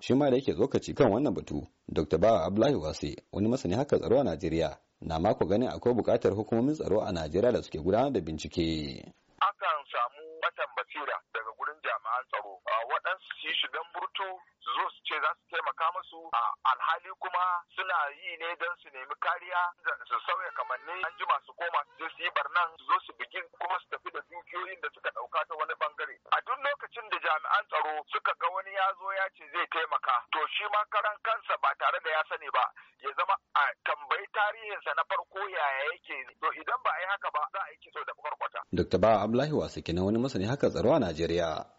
shi ma da yake ci kan wannan batu dr bawa abdullahi wase wani masani haka tsaro a najeriya na mako ganin akwai bukatar hukumomin tsaro a najeriya da suke gudanar da bincike akan samu watan basira daga gurin jami'an tsaro waɗansu su yi shigan burtu su zo su ce za su taimaka musu a alhali kuma suna yi ne don su nemi kariya su sauya kamanni an jima su koma su je su yi barnan su zo su bigi kuma su tafi da dukiyoyin da suka ɗauka ta wani jami'an tsaro suka ga wani ya zo ya ce zai taimaka to shi ma karan kansa ba tare da ya sani ba ya zama a tambayi tarihinsa na farko yaya yake to idan ba a yi haka ba za a yi kiso da kwarkwata. Dr. Ba Abdullahi Wasu kenan wani masani haka tsaro a Najeriya.